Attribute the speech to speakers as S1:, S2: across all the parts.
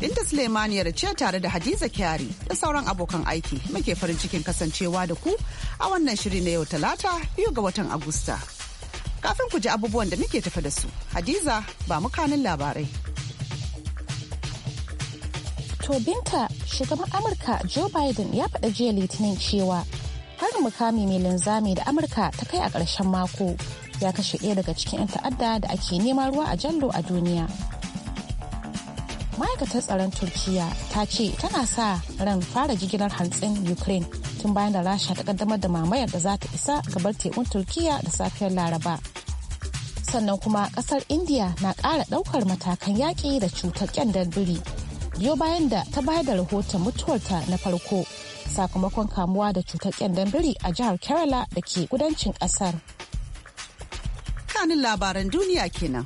S1: Binta Suleimaniyar ce tare da Hadiza Kyari da sauran abokan aiki muke farin cikin kasancewa da ku a wannan shiri na yau talata biyu ga watan Agusta. Kafin ku ji abubuwan da muke tafi da su, Hadiza ba mu kanin labarai.
S2: To Binta, shugaban Amurka Joe Biden ya faɗa jiya Litinin cewa harin mukami mai linzami da Amurka ta kai a ƙarshen mako ya kashe ɗaya daga cikin 'yan ta'adda da ake neman ruwa a jallo a duniya. ma'aikatar tsaron turkiya ta ce tana sa ran fara jigilar hantsin ukraine tun bayan da rasha ta kaddamar da mamayar da za ta isa gabar tekun turkiya da safiyar laraba sannan kuma kasar india na kara daukar matakan yaƙi da cutar kyandar biri biyo bayan da ta bayar da rahoton mutuwarta na farko sakamakon kamuwa da cutar kyandar biri a jihar kerala da ke kudancin kasar
S1: labaran duniya kenan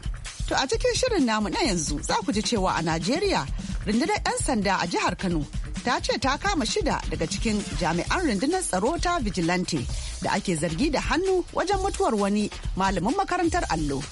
S1: To a cikin shirin namu na yanzu za ku ji cewa a Najeriya rundunar 'yan sanda a jihar Kano ta ce ta kama shida daga cikin jami'an rundunar tsaro ta vigilante da ake zargi da hannu wajen mutuwar wani malamin makarantar allo.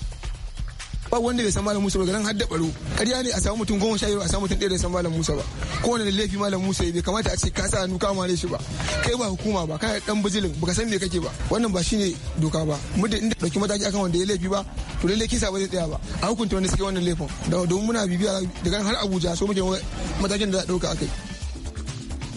S3: ba wanda bai san malam musa ba garan har hadda baro ƙarya ne a samu mutum goma sha biyu a samu mutum ɗaya da san malam musa ba ko wani laifi malam musa bai kamata a ce ka sa nuka ka mare shi ba kai ba hukuma ba kai dan bijilin baka san me kake ba wannan ba shine doka ba muddin inda dauki mataki akan wanda ya laifi ba to lalle kisa ba zai tsaya ba a hukunta wanda suke wannan laifin da domin muna bibiya daga har Abuja so muke matakin da za a dauka akai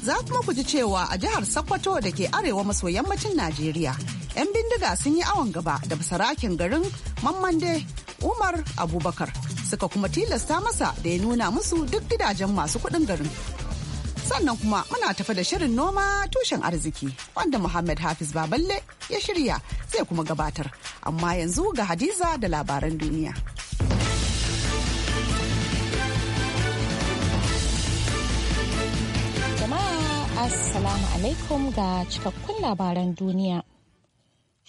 S1: za kuma ku ji cewa a jihar Sokoto da ke arewa maso yammacin Najeriya 'yan bindiga sun yi awon gaba da basarakin garin mammande Umar Abubakar suka kuma tilasta masa da ya nuna musu duk gidajen masu kuɗin garin. Sannan kuma muna tafa da shirin noma tushen arziki wanda Muhammad Hafiz Baballe ya shirya zai kuma gabatar. Amma yanzu ga Hadiza da labaran duniya.
S2: Jama'a Assalamu alaikum ga cikakkun labaran duniya.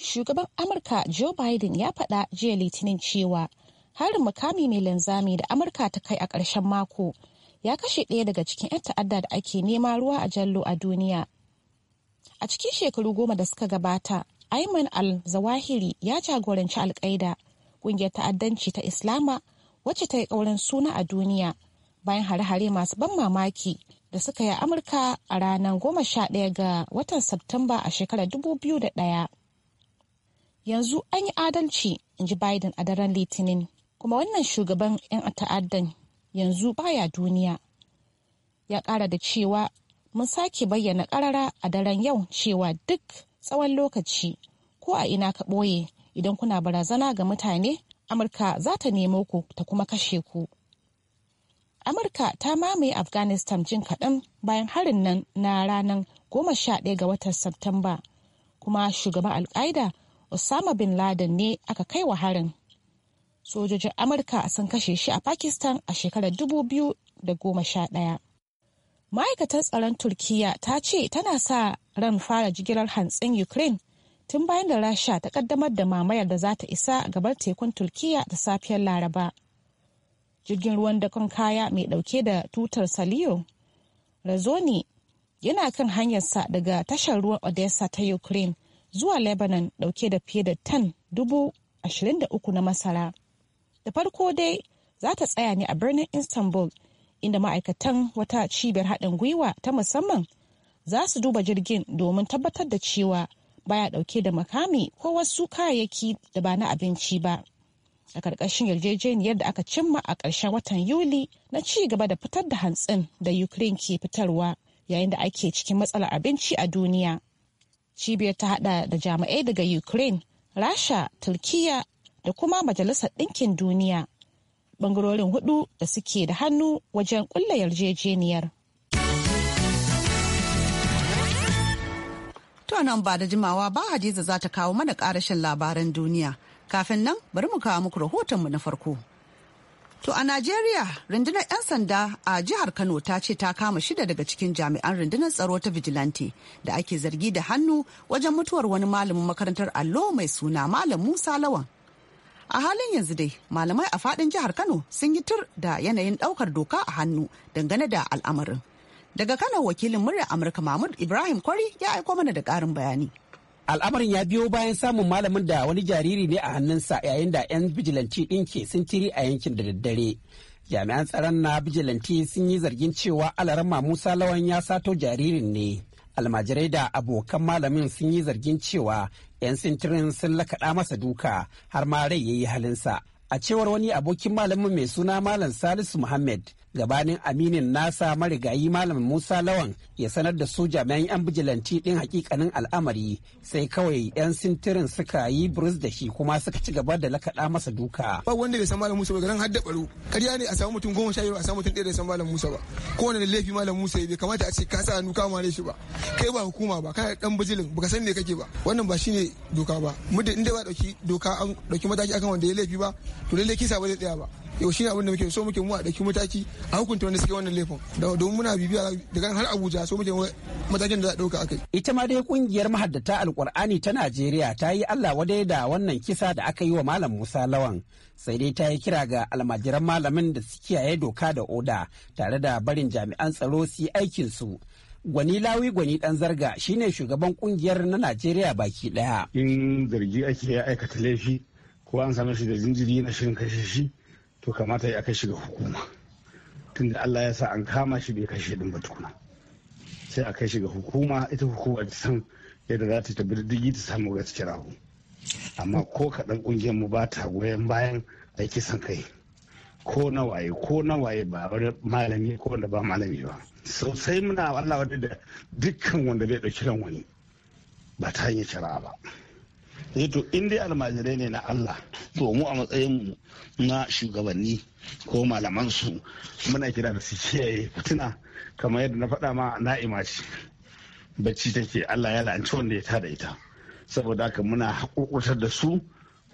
S2: shugaban amurka joe biden ya faɗa jiya litinin cewa harin mukami mai linzami da amurka ta kai a ƙarshen mako ya kashe ɗaya daga cikin 'yan ta'adda da ake nema ruwa a jallo a duniya a cikin shekaru goma da suka gabata ayman al-zawahiri ya jagoranci alkaida ƙungiyar ta'addanci ta islama wacce ta yi ƙaurin suna a duniya bayan hare-hare masu ban mamaki da suka yi amurka a ranar goma sha ɗaya ga watan Satumba a shekarar 2001 yanzu an yi adalci in ji biden a daren litinin kuma wannan shugaban 'yan ta'addan yanzu baya duniya ya kara da cewa mun sake bayyana karara a daren yau cewa duk tsawon lokaci ko a ina ka ɓoye idan kuna barazana ga mutane amurka za ta nemo ku ta kuma kashe ku amurka ta mamaye afghanistan jin kaɗan bayan harin nan na ranar 11 ga watan Satumba. kuma shugaban alkaida Osama bin Laden ne aka kai wa harin. Sojojin Amurka sun kashe shi a Pakistan a shekarar 2011. Ma'aikatar tsaron Turkiyya ta ce tana sa ran fara jigilar hantsin Ukraine tun bayan da Rasha ta kaddamar da mamayar da za ta isa gabar tekun Turkiyya da safiyar Laraba. Jirgin ruwan dakon kaya mai ɗauke da tutar Saliyo Razoni yana kan hanyarsa daga tashar ruwan Odessa ta Ukraine zuwa lebanon dauke da fiye da tan dubu ashirin da uku na masara da farko dai za ta tsaya ne a birnin istanbul inda ma'aikatan wata cibiyar haɗin gwiwa ta musamman za su duba jirgin domin tabbatar da cewa baya ɗauke da makami ko wasu kayayyaki da ba na abinci ba a ƙarƙashin yarjejeniyar da aka cimma a ƙarshen watan yuli na ci gaba da fitar da hantsin da ukraine ke fitarwa yayin da ake cikin matsalar abinci a duniya cibiyar ta hada da jami'ai daga ukraine rasha turkiya da kuma majalisar ɗinkin duniya ɓangarorin hudu da suke da hannu wajen kulla yarjejeniyar to nan ba da jimawa
S1: ba hadiza za ta kawo mana karashin labaran duniya kafin nan bari mu kawo muku rahotonmu na farko To a Najeriya, rundunar 'yan sanda a jihar Kano ta ce ta kama shida daga cikin jami'an rundunar tsaro ta vigilante da ake zargi da hannu wajen mutuwar wani malamin makarantar allo mai suna Malam Musa Lawan. A halin yanzu dai, malamai a fadin jihar Kano sun yi tur da yanayin daukar doka a hannu dangane da al'amarin.
S4: Daga Kano wakilin murya Amurka Mahmud Ibrahim Kwari ya aiko mana da ƙarin bayani. al'amarin ya biyo bayan samun malamin da wani jariri ne a hannunsa yayin da 'yan bijilanci ɗin ke sintiri a yankin da daddare jami'an tsaron na bijilanti sun yi zargin cewa alarama musa lawan ya sato jaririn ne almajirai da abokan malamin sun yi zargin cewa 'yan sintirin sun lakaɗa masa duka har ma rai ya yi halinsa a cewar wani abokin malamin mai suna malam salisu muhammad gabanin aminin nasa marigayi malam musa lawan ya sanar da su jami'an 'yan bijilanti din hakikanin al'amari sai kawai 'yan sintirin suka yi burus da shi kuma suka ci gaba da lakaɗa masa duka ba wanda bai
S3: san malam musa ba garan hadda da baro ƙarya ne a samu mutum goma sha biyu a samu mutum ɗaya da san malam musa ba wani laifi malam musa bai kamata a ce ka sa hannu kama ne shi ba kai ba hukuma ba kai dan bijilin baka san ne kake ba wannan ba shine doka ba muddin inda ba dauki doka an dauki mataki akan wanda ya laifi ba to lalle kisa ba zai tsaya ba yau shi abin da muke so muke mu a ɗauki mataki a hukunta wanda suke wannan laifin domin muna bibiya
S4: daga har abuja so muke matakin da za a ɗauka akai. ita ma dai kungiyar mahaddata alkur'ani ta najeriya ta yi allah wadai da wannan kisa da aka yi wa malam musa lawan sai dai ta yi kira ga almajiran malamin da su kiyaye doka da oda tare da barin jami'an tsaro su yi aikinsu Gwani Lawi Gwani Dan Zarga shine shugaban kungiyar na Najeriya baki daya. In zargi ake aikata laifi ko an same shi da jinjiri na shirin kashe shi to kamata ya kashe shi ga hukuma tunda Allah ya sa an kama shi bai kashe din ba tukuna sai a kai shi ga hukuma ita hukuma ta san yadda za ta tabi diddigi ta samu gaskiya rahu amma ko kaɗan ƙungiyar mu ba ta goyon bayan aiki san kai ko na waye ko na waye ba wani malami ko wanda ba malami ba sosai muna Allah wadda dukkan wanda bai ɗauki ran wani ba ta hanyar shari'a ba. sai eh to in dai almajirai ne na Allah to mu a matsayin mu na shugabanni ko malaman su muna kira da su kiyaye fitina kamar yadda na faɗa ma na imaci bacci take Allah ya la'anci wanda ya tada ita saboda haka muna hakurkutar da su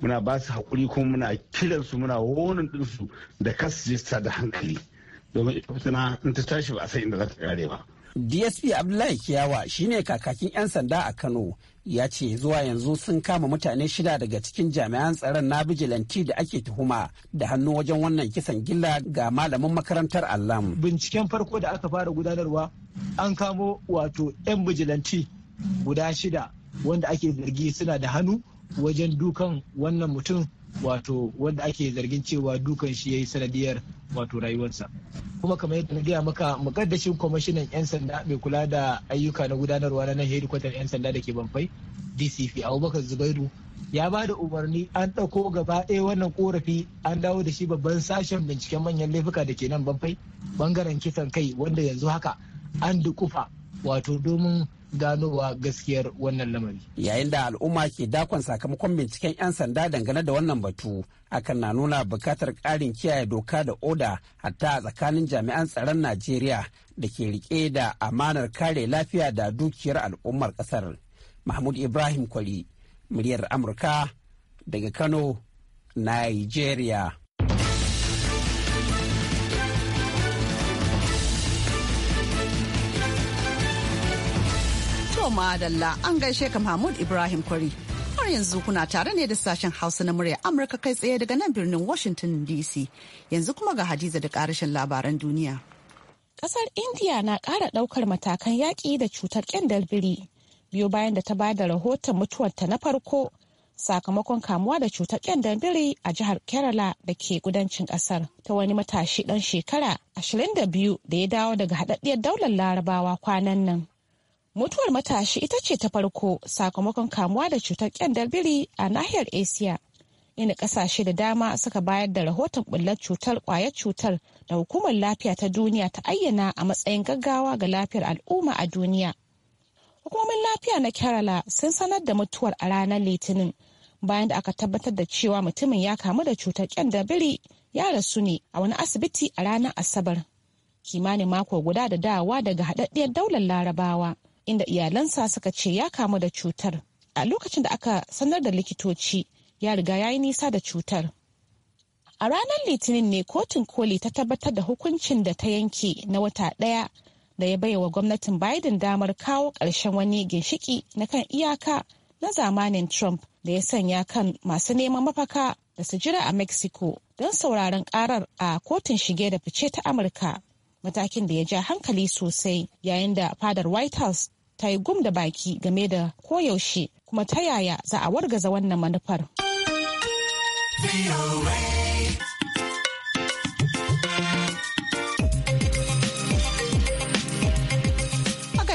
S4: muna ba su haƙuri kuma muna kiran su muna wonin su da kasu da hankali domin ita fitina in ta tashi ba a san inda za ta kare ba. DSP Abdullahi Kiyawa shine kakakin 'yan sanda a Kano ya ce zuwa yanzu sun kama mutane shida daga cikin jami'an tsaron na bijilanti da ake tuhuma da hannu wajen wannan kisan gilla ga malamin makarantar allam binciken farko da aka fara gudanarwa an kamo wato 'yan bijilanti guda shida wanda ake
S5: zargi suna da hannu wajen dukan wannan mutum wato wanda ake zargin cewa dukan shi ya yi sanadiyar wato rayuwarsa kuma kamar yadda na gaya maka mukaddashin kwamishinan 'yan sanda mai kula da ayyuka na gudanarwa na hedikwatar 'yan sanda da ke banfai dcp abubakar zubairu ya ba da umarni an ɗauko gaba ɗaya wannan korafi an dawo da shi babban sashen binciken manyan laifuka da ke nan banfai bangaren kisan kai wanda yanzu haka an dukufa wato domin ganowa gaskiyar wannan lamari. Yayin
S4: da al'umma ke dakon sakamakon binciken 'yan sanda dangane da wannan batu, hakan na nuna bukatar ƙarin kiyaye doka da oda hatta a tsakanin jami'an tsaron Najeriya da ke rike da amanar kare lafiya da dukiyar al'ummar ƙasar. Mahmud Ibrahim Kwari, muryar Amurka daga Kano, Nigeria.
S1: To madalla an gaishe ka Mahmud Ibrahim Kwari. Har yanzu kuna tare ne da sashen Hausa na murya Amurka kai tsaye daga nan birnin Washington DC. Yanzu kuma ga Hadiza da karashin labaran duniya.
S2: Kasar India na kara daukar matakan yaki da cutar ƙyandar biri biyo bayan da ta ba da rahoton mutuwarta na farko sakamakon kamuwa da cutar kyandar biri a jihar Kerala da ke kudancin kasar ta wani matashi dan shekara 22 da ya dawo daga haɗaɗɗiyar daular larabawa kwanan nan. mutuwar matashi ita ce ta farko sakamakon kamuwa da cutar kyandar biri a nahiyar asiya inda kasashe da dama suka bayar da rahoton bullar cutar kwayar cutar da hukumar lafiya ta duniya ta ayyana a matsayin gaggawa ga lafiyar al'umma a duniya hukumomin lafiya na kerala sun sanar da mutuwar a ranar litinin bayan da aka tabbatar da cewa mutumin ya kamu da cutar kyandar biri ya rasu ne a wani asibiti a ranar asabar kimanin mako guda da dawa daga haɗaɗɗiyar daular larabawa inda iyalansa suka ce ya kamu da cutar a lokacin da aka sanar da likitoci ya riga ya yi nisa da cutar a ranar litinin ne kotun koli ta tabbatar da hukuncin da ta yanke na wata ɗaya da ya baiwa gwamnatin biden damar kawo ƙarshen wani ginshiki na kan iyaka na zamanin trump da ya sanya kan masu neman mafaka da su jira a mexico don sauraron karar a kotun shige da fice ta amurka matakin da ya ja hankali sosai yayin da fadar white house ta yi gum da baki game da koyaushe kuma ta yaya za a wargaza wannan manufar.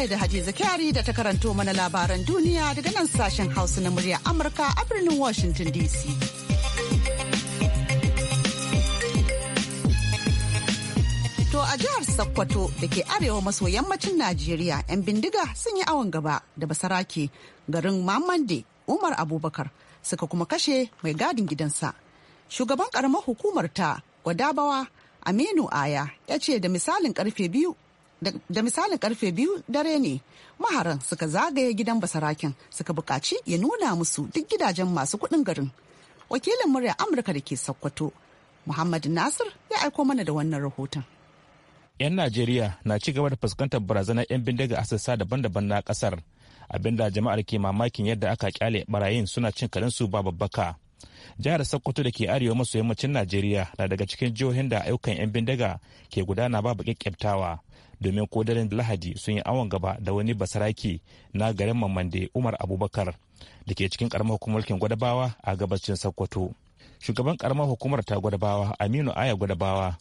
S1: da Hadiza Kyari da ta karanto mana labaran duniya daga nan sashen Hausa na murya Amurka a birnin Washington DC. To a jihar Sokoto da ke arewa maso yammacin Najeriya 'yan bindiga sun yi awon gaba da basarake garin Mamande Umar Abubakar suka kuma kashe mai gadin gidansa. Shugaban karamar hukumar ta Gwadabawa Aminu Aya ya ce da misalin karfe biyu dare ne maharan suka zagaye gidan basarakin suka bukaci ya nuna musu duk gidajen masu kuɗin garin wakilin murya amurka da ke sokoto muhammad nasir ya aiko mana da wannan rahoton
S3: 'yan najeriya na ci gaba da fuskantar barazanar 'yan bindiga a sassa daban-daban na kasar abinda jama'ar ke mamakin yadda aka kyale barayin suna cin su ba babbaka jihar sokoto da ke arewa maso yammacin najeriya na daga cikin jihohin da ayyukan 'yan bindiga ke gudana ba baƙi domin ko daren lahadi sun yi awon gaba da wani basaraki na garin mamande umar abubakar da ke cikin karamar hukumar gwadabawa a gabashin sokoto shugaban karamar hukumar ta gwadabawa aminu aya gwadabawa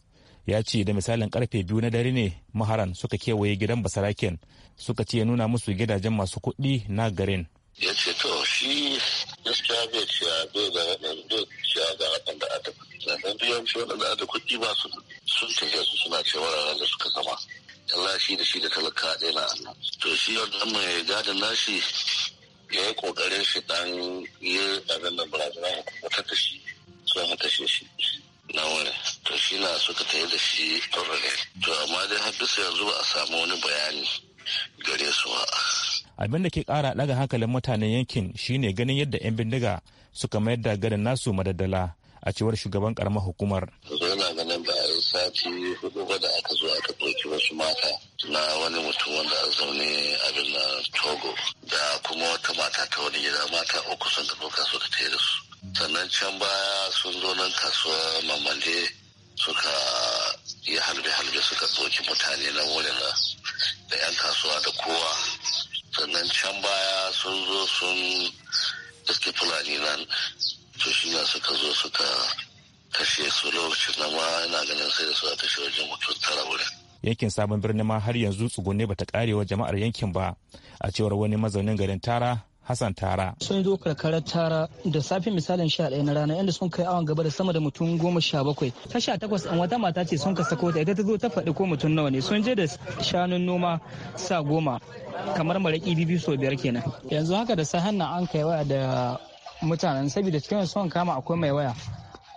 S3: ya ce da misalin karfe biyu na dare ne maharan suka kewaye gidan basaraken suka ce ya nuna musu gidajen masu kuɗi na garin ya ce
S6: to shi gaskiya bai ciya bai da bai ciya da waɗanda da kuɗi na san yawanci waɗanda a da kuɗi ba su sun tafiya su suna cewa ranar da suka zama Allah shi da shi da talaka ɗaya na to shi wannan mai gadin nashi ya yi ƙoƙarin shi ɗan yi ɗan nan barazana hukumatar ta shi sai mu tashe shi na wani to shi na suka tafi da shi ɗaurare to amma dai har bisa yanzu ba a samu wani bayani gare su ba
S3: abin da ke kara daga hankalin mutanen yankin shine ganin yadda 'yan bindiga suka mayar da garin nasu madaddala a cewar shugaban karamar hukumar.
S6: yana ganin da a yi sati hudu ba da aka zo aka ɗauki wasu mata na wani mutum wanda a zaune abin na togo da kuma wata mata ta wani gida mata uku sun ka ɗauka suka tayar da su sannan can baya sun zo nan kasuwa mamalle suka yi halbe-halbe suka ɗauki mutane na wurin da 'yan kasuwa da kowa sannan can baya sun zo sun iske fulani nan to shi suka zo suka kashe su lokacin na ma yana ganin sai da suka kashe wajen mutum tara wurin.
S3: Yankin sabon birni ma har yanzu tsugunne bata karewa jama'ar yankin ba a cewar wani mazaunin garin Tara Hassan Tara. Sun zo karkarar Tara da safe misalin sha ɗaya na rana yadda sun kai awon gaba da sama da mutum goma sha bakwai. Ta sha takwas an wata mata ce sun ka sako ta ita ta zo ta faɗi ko mutum nawa ne sun je da shanun noma sa goma kamar maraƙi bibi sau biyar kenan. Yanzu haka da sahan na an kai waya da mutanen saboda cikin sun kama akwai mai waya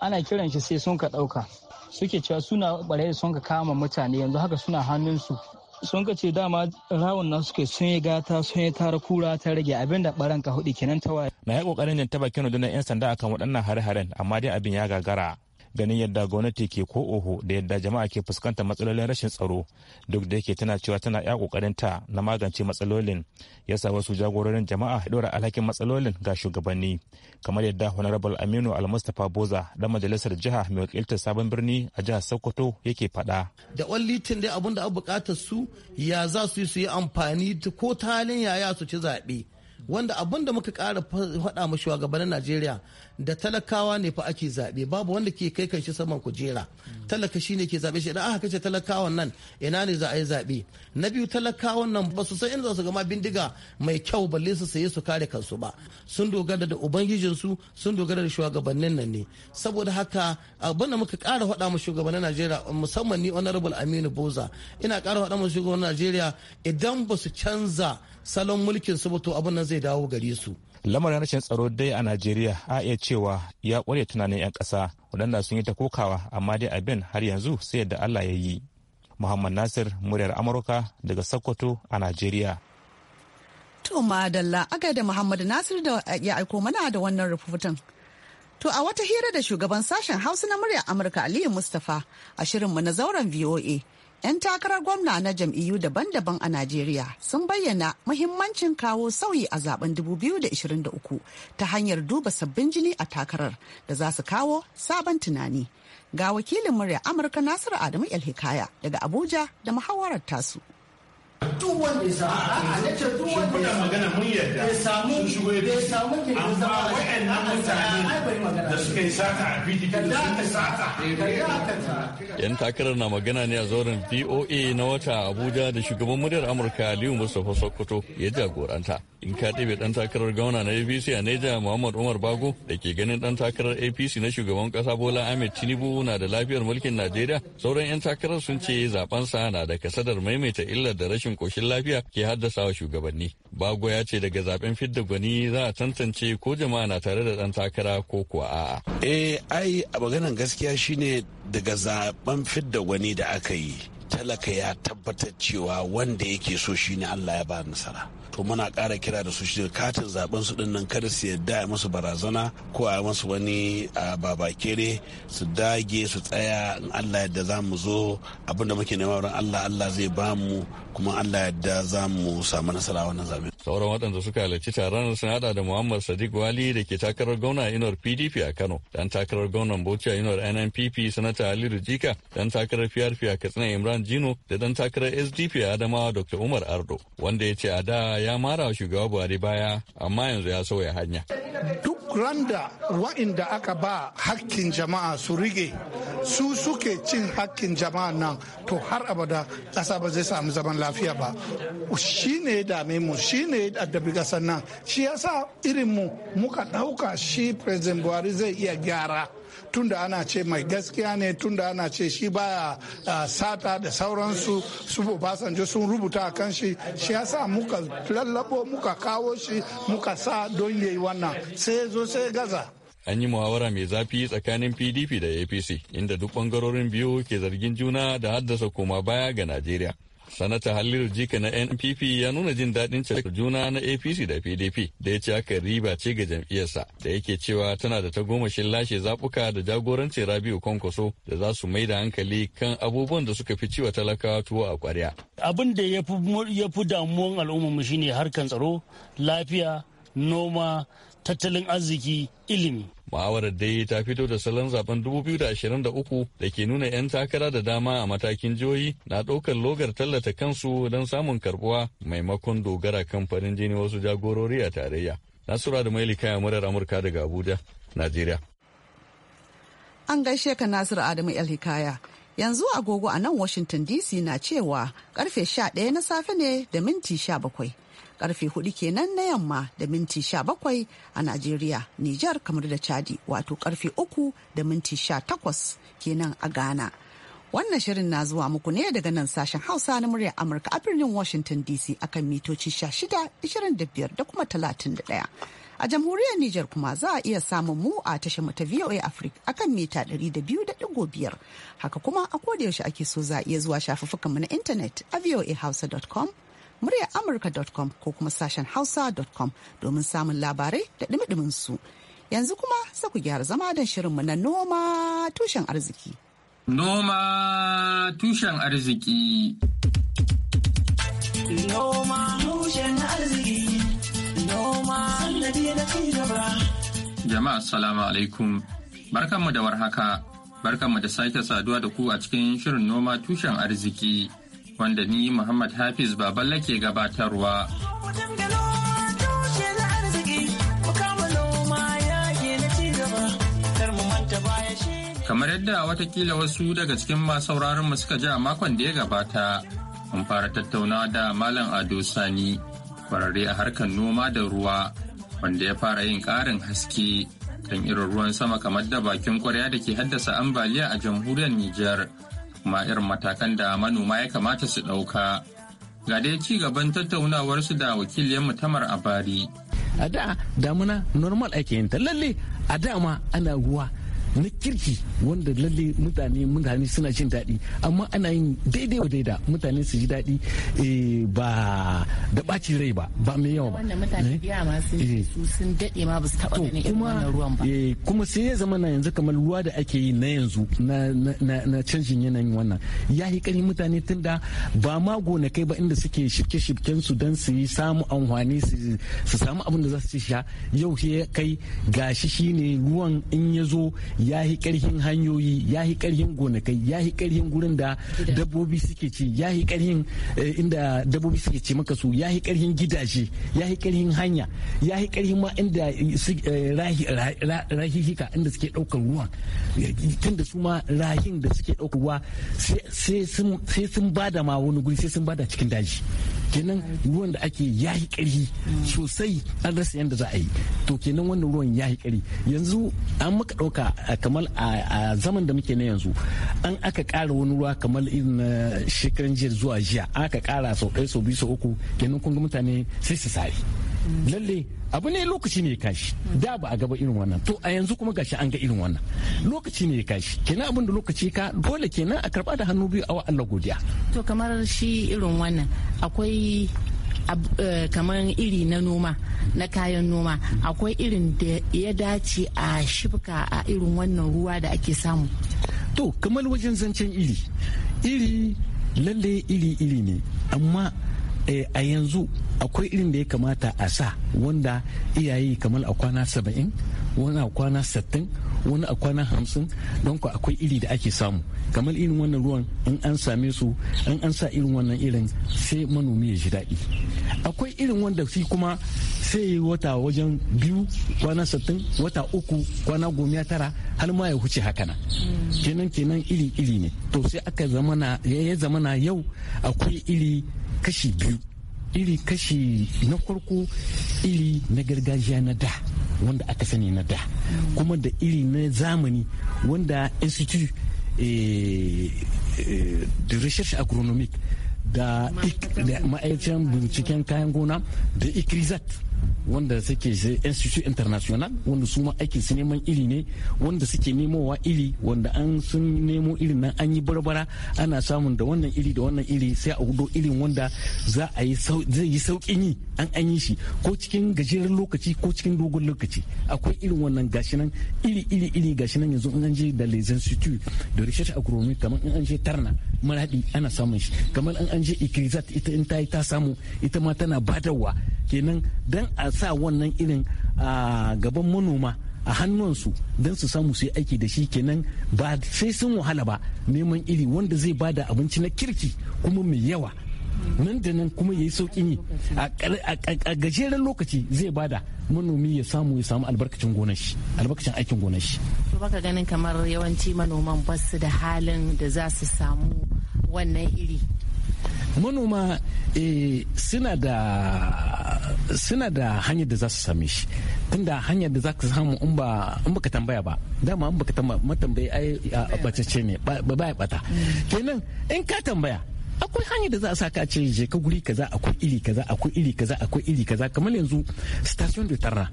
S3: ana kiran shi sai sun ka ɗauka. suke cewa suna ɓarayi sun ka kama mutane yanzu haka suna hannunsu sun ka ce dama rawun nasu suke sun yi gata sun yi tara kura ta rage abin da baran hudu kenan ta waye. na yi kokarin yin taba bakin rundunar yan sanda akan waɗannan hare-haren amma dai abin ya gagara ganin yadda gwamnati ke ko oho da yadda jama'a ke fuskantar matsalolin rashin tsaro duk da yake tana cewa tana ya ta na magance matsalolin ya sa wasu jagororin jama'a ɗora alhakin matsalolin ga shugabanni kamar yadda honorable aminu almustapha boza dan majalisar jiha mai wakiltar sabon birni a jihar sokoto yake faɗa. da wallitin dai
S5: abun da a bukatar su ya za su yi su yi amfani ko ta halin yaya su ci zaɓe wanda abun da muka kara faɗa ma shugabannin najeriya da talakawa ne fa ake zaɓe babu wanda ke kai kan saman kujera talaka shi ne ke zaɓe shi idan aka kace talakawan nan ina ne za a yi zaɓe na biyu talakawan nan ba su san inda su gama bindiga mai kyau balle su saye su kare kansu ba sun dogara da ubangijinsu sun dogara da shugabannin nan ne saboda haka abin da muka kara faɗa mu shugabannin najeriya musamman ni honorable aminu boza ina kara faɗa mu shugabannin najeriya idan ba su canza salon mulkin su ba to abin nan zai dawo gare su
S3: lamarin rashin tsaro dai a najeriya a iya cewa ya kware tunanin 'yan ƙasa waɗanda sun yi ta kokawa amma dai abin har yanzu sai yadda allah ya yi muhammad nasir muryar amurka daga sokoto a najeriya
S1: to madalla aga da muhammad nasir da ya aiko mana da wannan rubutun To a wata hira da shugaban sashen Hausa na muryar Amurka Aliyu Mustapha a shirinmu na zauren VOA 'Yan takarar gwamna na jam'iyyu daban-daban a Najeriya sun bayyana muhimmancin kawo sauyi a zaben 2023 ta hanyar duba sabbin jini a takarar da za su kawo sabon tunani. Ga wakilin murya Amurka Nasiru Adamu Elhikaya, daga Abuja da muhawarar tasu.
S3: duk
S6: yan takarar na magana ne a zauren VOA na wata Abuja da shugaban muryar Amurka Aliyu Mustapha Sokoto ya jagoranta in ka ɗebe ɗan takarar gauna na APC a Neja Muhammad Umar Bago da ke ganin ɗan takarar APC na shugaban ƙasa Bola Ahmed Tinubu na da lafiyar mulkin Najeriya sauran 'yan takarar sun ce zaben na da kasadar maimaita illar da rashin rashin koshin lafiya ke haddasa wa shugabanni. Bago ya ce daga zaben fidda gwani za a tantance ko jama'a na tare da ɗan takara ko kuwa a'a. Eh ai a maganan gaskiya shine daga zaben fidda gwani da aka yi talaka ya tabbatar cewa wanda
S5: yake so shi ne Allah ya ba nasara to muna kara kira da su shi katin zaben su din nan kada su yadda a musu barazana ko a musu wani babakere su dage su tsaya in Allah yadda za mu zo abinda muke nema wurin Allah Allah zai ba mu kuma
S4: Allah yadda za mu samu nasara wannan zaben
S6: Sauran waɗanda suka halarci taron sun hada da Muhammad Sadiq Wali da ke takarar gwamna inar PDP a Kano, dan takarar gwamnan Bauchi a NNPP Sanata Ali jika dan takarar PRP a Katsina Imran Jino da dan takarar SDP a Adamawa Dr. Umar Ardo, wanda ya ce a da ya mara shugaba Buhari baya amma yanzu ya sauya hanya.
S4: Duk randa wa'inda aka ba hakkin jama'a su rige su suke cin hakkin jama'a nan to har abada ƙasa ba zai samu zaman lafiya ba. Shi ne dame mu shi ne ya addabi gasar nan shi yasa irin irinmu muka ɗauka shi president buhari zai iya gyara tunda ana ce mai gaskiya ne tunda ana ce shi baya sata da sauransu su Obasanjo sun rubuta a kan shi shi sa muka lallabo muka kawo shi muka sa don yayi wannan sai zo sai gaza
S6: an yi muhawara mai zafi tsakanin pdp da apc inda duk bangarorin biyu ke zargin juna da haddasa koma baya ga najeriya sanata halil jika na npp ya nuna jin daɗin cewa juna na apc da pdp da ya ce aka riba ce ga jam'iyyarsa da yake cewa tana da tagomashin lashe zabuka da jagorancin rabiu kwankwaso da za su mai da hankali kan abubuwan da suka fi ciwa talakawa tuwo a kwarya
S4: abin da ya
S5: fi damuwan mu shine harkan tsaro lafiya noma
S6: tattalin arziki ilimi ma'awarar dai ta fito da salon zaben 2023 da ke nuna 'yan takara da dama a matakin jihohi na ɗaukar logar tallata kansu don samun karbuwa maimakon dogara kan farin jini wasu jagorori a tarayya. Nasura da Maili kayan murar Amurka daga Abuja, Najeriya.
S1: An gaishe ka Nasiru Adamu El Hikaya. Yanzu agogo a nan Washington DC na cewa karfe 11 na safe ne da minti 17. karfe hudu kenan na yamma da minti sha bakwai a Najeriya, Nijar kamar da Chadi wato karfe uku da minti sha takwas kenan a Ghana. Wannan shirin na zuwa muku ne daga nan sashen Hausa na muryar Amurka a birnin Washington DC akan mitoci sha shida shirin da biyar da kuma talatin da ɗaya. A jamhuriyar Nijar kuma za a iya samun mu a tashar mata VOA Africa akan mita ɗari da da biyu biyar. Haka kuma a koda yaushe ake so za a iya zuwa shafuffukan mu na intanet a voahausa.com muryar amurka.com ko kuma sashen hausa.com domin samun labarai da ɗumiɗumin su. Yanzu kuma sai ku gyara zama don shirinmu na noma tushen arziki.
S7: Noma tushen arziki.
S5: Noma tushen arziki. Noma na
S7: gaba. Jama'a salamu alaikum. Barkanmu da warhaka. Barkanmu da sake saduwa da ku a cikin shirin noma tushen arziki. wanda ni Muhammad Hafiz Baballa ke gabatarwa. Kamar yadda watakila wasu daga cikin masu mu suka ji a makon da ya gabata, mun fara tattaunawa da Malam Ado Sani, kwararre a harkar noma da ruwa, wanda ya fara yin ƙarin haske kan irin ruwan sama kamar da bakin kwarya da ke haddasa ambaliya a jamhuriyar Nijar. kuma irin matakan da manoma ya kamata su ɗauka. Ga dai ci gaban tattaunawarsu da wakiliyar mutamar a bari.
S5: A da damuna normal ake yin lalle a dama ana ruwa na kirki wanda lalle mutane mutane suna jin daɗi amma ana yin daidai wa daida mutane su ji daɗi eh, ba da ɓaci rai ba ba mai yawa ba kuma sai ya zama na yanzu kamar ruwa da ake yi na yanzu na canjin yanayin wannan ya yi ƙari mutane tun da ba ma gonakai ba inda suke shirke shirken su don su yi samu amfani su samu abin da za su ci sha yau sai kai gashi shine ruwan in ya zo ya yi karhin hanyoyi ya yi karhin gonakai ya yi karhin gurin da dabbobi suke ci ya yi karhin eh, inda dabbobi suke ci maka su ya yi karhin gidaje ya yi karhin hanya ya yi karhin ma inda eh, rahihika inda suke daukar ruwan tunda su ma rahin da suke daukar ruwa sai sun bada ma wani guri sai sun bada cikin daji kenan ruwan da ake ya yi karhi sosai an rasa yadda za a yi to kenan wannan ruwan ya yi karhi yanzu an maka dauka. kamar a zaman da muke na yanzu an aka ƙara wani ruwa kamar irin shekaran jiya zuwa jiya an aka ƙara sau ɗaya sau biyu sau uku kenan kun mutane sai su sare lalle abu ne lokaci ne ya kashi da ba a gaba irin wannan to a yanzu kuma gashi an ga irin wannan lokaci ne ya kashi kenan abin da lokaci ka dole kenan a karba da hannu biyu a wa Allah godiya
S8: to kamar shi irin wannan akwai Eh, kamar iri na noma na kayan noma akwai irin da ya dace a shifka a irin wannan ruwa da ake samu to
S5: kamar wajen zancen iri iri lalle iri iri ne amma eh, a yanzu akwai irin da ya kamata a sa wanda iyaye kamar a kwana saba'in wani a kwana wani a kwana hamsin don ku akwai iri da ake samu kamar irin wannan ruwan in an same su in an sa irin wannan irin sai manomi ya ji daɗi akwai irin wanda shi kuma sai yi wata wajen biyu kwana sittin wata uku kwana goma tara har ma ya huce haka nan kenan kenan iri iri ne to sai aka zamana ya zamana yau akwai iri kashi biyu iri kashi na farko iri na gargajiya na da wanda aka sani na da kuma da iri na zamani wanda institute eh, eh, de recherche agronomic da ma'aikacin binciken kayan gona da ikrizat wanda suke institute international wanda su ma aikin su neman iri ne wanda suke nemowa iri wanda an sun nemo irin nan an yi barbara ana samun da wannan iri da wannan iri sai a hudo irin wanda za a yi zai yi saukin yi an an yi shi ko cikin gajeren lokaci ko cikin dogon lokaci akwai irin wannan gashi nan iri iri iri gashi nan yanzu an je da les institute da research agronomy kamar an je tarna maradi ana samun shi kamar an an je ikrizat ita in ta yi ta samu ita ma tana badarwa kenan dan a sa wannan irin a gaban manoma a hannunsu don su samu su yi aiki da shi kenan ba sai sun wahala ba neman iri wanda zai bada abinci na kirki kuma mai yawa nan da nan kuma ya yi sauƙin yi a gajeren lokaci zai bada manomi ya samu ya samu albarkacin gonar shi albarkacin aikin gonar shi.
S8: baka ganin kamar yawanci manoman ba da halin da za su samu wannan iri
S5: manoma eh, suna da hanyar da za su same shi tunda hanyar da za ka samu in ba ka tambaya ba dama in ba ka tambaya ai a bacece ne ba ya bata kenan in ka tambaya akwai hanyar da za a saka ce je ka guri kaza akwai iri kaza akwai iri kaza akwai iri kaza kamar yanzu station de tarra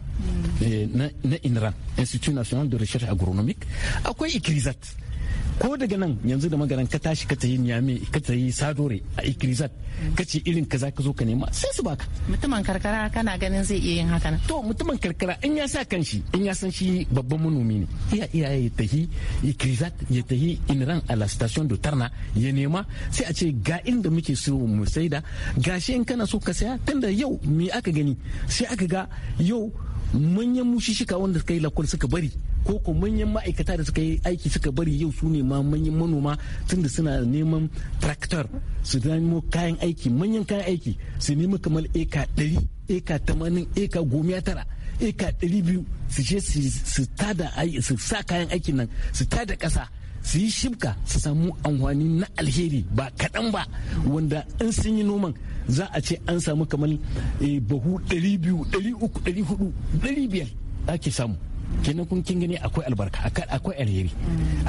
S5: eh, na inran institut national de recherche agronomique akwai ikirizat ko daga nan yanzu da magaran ka tashi ka tayi niyame ka tayi sadore a ikrizat mm. ka ce irin kaza ka zo ka nema sai su baka mutumin karkara kana ganin zai iya yin haka nan to mutumin karkara in ya sa kanshi in ya san shi babban manomi ne iya iya ya tahi ikrizat ya tahi inran a la station do tarna ya nema sai a ce ga inda muke so mu saida gashi in kana so ka saya tunda yau me aka gani sai aka ga yau manyan shika wanda suka yi lakwal suka bari ko ko manyan ma'aikata da suka yi aiki suka bari yau su ne ma manyan manoma tunda suna neman tractor su nemo kayan aiki manyan kayan aiki su nemi kamar eka ɗari eka tamanin eka gomiya tara eka ɗari biyu su je su tada su sa kayan aiki nan su tada ƙasa su yi shibka su samu amfani na alheri ba kaɗan ba wanda in sun yi noman za a ce an samu kamar eh, bahu ɗari hudu ɗari biyar ake samu kenan kun kin gani akwai albarka akwai alheri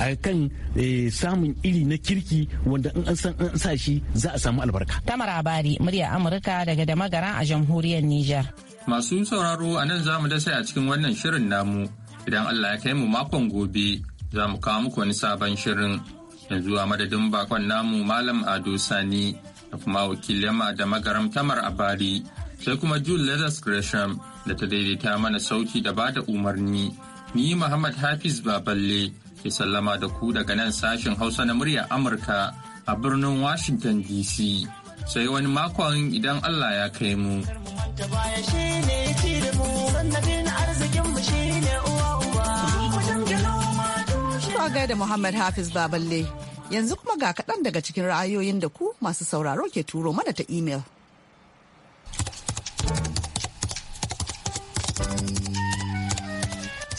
S5: a kan eh, samun iri na kirki wanda in an san sa shi za a samu albarka
S2: tamar abari murya amurka daga da magara a jamhuriyar niger
S7: masu sauraro a nan za mu dasa a cikin wannan shirin namu idan allah ya kai mu makon gobe za mu kawo muku wani sabon shirin yanzu a madadin bakon namu malam ado sani da kuma wakilin da magaram tamar abari sai kuma jude leathers da ta daidaita mana sauki da ba da umarni. Ni Muhammad Hafiz Baballe ke sallama da ku daga nan sashen Hausa na murya Amurka a birnin Washington DC. Sai wani makon idan Allah ya kai mu.
S1: Ga da Muhammad Hafiz Baballe yanzu kuma ga kaɗan daga cikin ra'ayoyin da ku masu sauraro ke turo mana ta imel.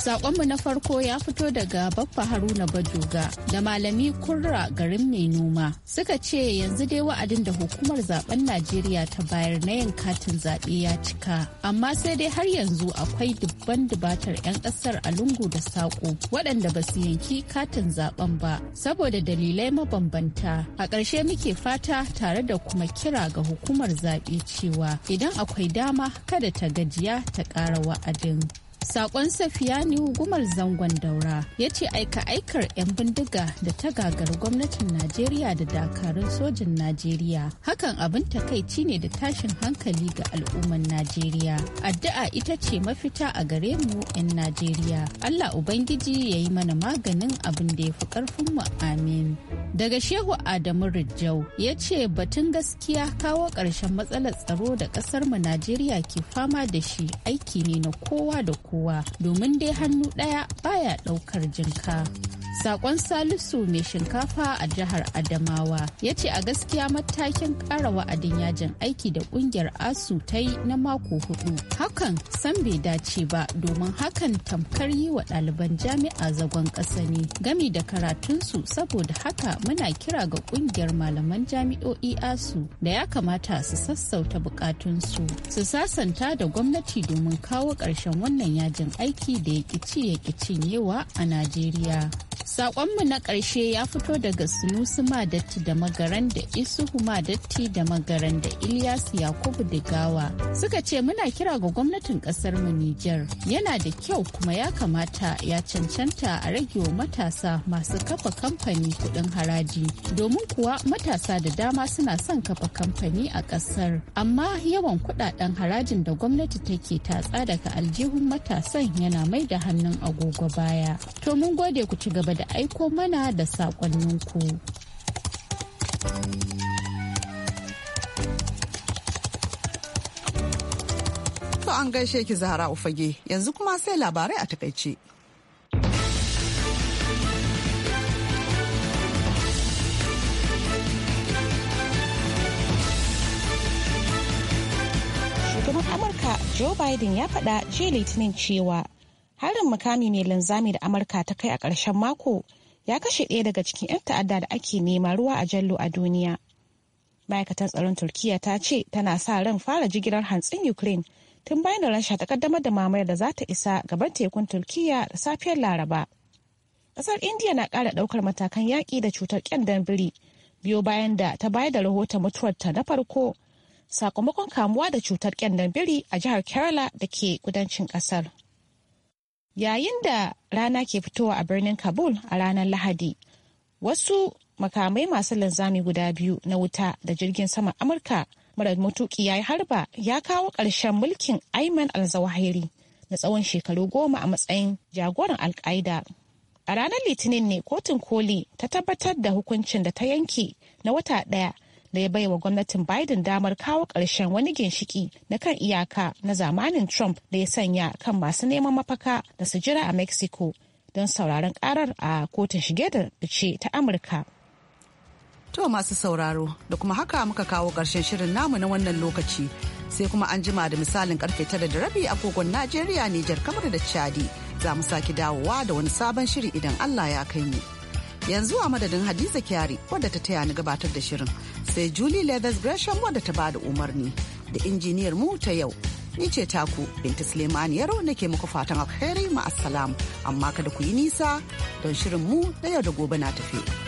S8: Sakonmu na farko ya fito daga Baffa Haruna Bajoga da Malami Kurra garin Mai Noma suka ce yanzu dai wa'adin da hukumar zaben Najeriya ta bayar na yin katin zaɓe ya cika. Amma sai dai har yanzu akwai dubban dubatar 'yan ƙasar a lungu da saƙo waɗanda ba su yanki katin zaben ba saboda dalilai mabambanta. A ƙarshe muke fata tare da kuma kira ga hukumar zaɓe cewa idan akwai dama kada ta gajiya ta ƙara wa'adin. Sakon Safiya ne hukumar Zangon Daura ya ce aika-aikar 'yan bindiga da ta gagar gwamnatin Najeriya da dakarun sojin Najeriya. Hakan abin takaici ne da tashin hankali ga al'umman Najeriya. Addu'a ita ce mafita a gare mu 'yan Najeriya. Allah Ubangiji ya yi mana maganin abin da ya fi ƙarfinmu amin. Daga Shehu Adamu Rijau ya ce batun gaskiya kawo ƙarshen matsalar tsaro da ƙasar mu Najeriya ke fama da shi aiki ne na kowa da kowa. kowa domin dai hannu ɗaya baya ɗaukar jinka. Sakon Salisu mai shinkafa a jihar Adamawa ya ce a gaskiya matakin ƙara wa'adin yajin aiki da ƙungiyar ASU ta yi na mako hudu. Hakan san bai dace ba domin hakan tamkar yi wa ɗaliban jami'a zagon ƙasa ne gami da karatunsu saboda haka muna kira ga ƙungiyar malaman jami'o'i ASU da ya kamata su sassauta bukatunsu su sasanta da gwamnati domin kawo ƙarshen wannan yajin aiki da ya ƙici ya a Najeriya. Sakonmu na ƙarshe ya fito daga Sunusu Madatti da Magaran da Isuhu Madatti da Magaran da Ilyas Yakubu da Gawa. Suka ce muna kira ga gwamnatin ƙasar mu Nijar. Yana da kyau kuma ya kamata ya cancanta a rage wa matasa masu kafa kamfani kuɗin haraji. Domin kuwa matasa da dama suna son kafa kamfani a ƙasar. Amma yawan kuɗaɗen harajin da gwamnati take tatsa daga aljihun matasan yana mai da hannun agogo baya. To mun gode ku ci gaba da aiko mana da saƙonninku.
S1: To an gaishe ki Zahra Ufage yanzu kuma sai labarai a takaice.
S2: Shugaban Amurka Joe Biden ya faɗa jiya Litinin cewa harin mukami mai linzami da amurka ta kai a ƙarshen mako ya kashe ɗaya daga cikin 'yan ta'adda da ake nema ruwa a jallo a duniya ma'aikatan tsaron turkiya ta ce tana sa ran fara jigilar hantsin ukraine tun bayan da rasha ta kaddamar da mamayar da za ta isa gaban tekun turkiya da safiyar laraba kasar indiya na ƙara ɗaukar matakan yaƙi da cutar ƙyandan biri biyo bayan da ta bayar da rahoton mutuwarta na farko sakamakon kamuwa da cutar ƙyandan biri a jihar kerala da ke kudancin ƙasar. Yayin da rana ke fitowa a birnin Kabul a ranar Lahadi, wasu makamai masu linzami guda biyu na wuta da jirgin sama Amurka mara matuki ya yi harba ya kawo ƙarshen mulkin Ayman al-Zawahiri na tsawon shekaru goma a matsayin jagoran al A ranar Litinin ne kotun koli ta tabbatar da hukuncin da ta yanke na wata ɗaya da ya baiwa gwamnatin Biden damar kawo ƙarshen wani ginshiki na kan iyaka na zamanin Trump da ya sanya kan masu neman mafaka da su jira a Mexico don sauraron karar a kotun shige da fice ta Amurka. To masu sauraro da kuma haka muka kawo ƙarshen shirin namu na wannan
S1: lokaci sai kuma an jima da misalin karfe tara da rabi agogon Najeriya Nijar kamar da Chadi za mu sake dawowa da wani sabon shiri idan Allah ya kai mu. Yanzu a madadin Hadiza Kyari wadda ta taya ni gabatar da shirin sai Julie Leathers Gresham wadda ta bada umarni da injiniyar mu ta yau. Ni ce taku Binta Suleiman Yaro nake muku fatan alheri assalam amma kada ku yi nisa don shirin mu na yau da gobe na tafi.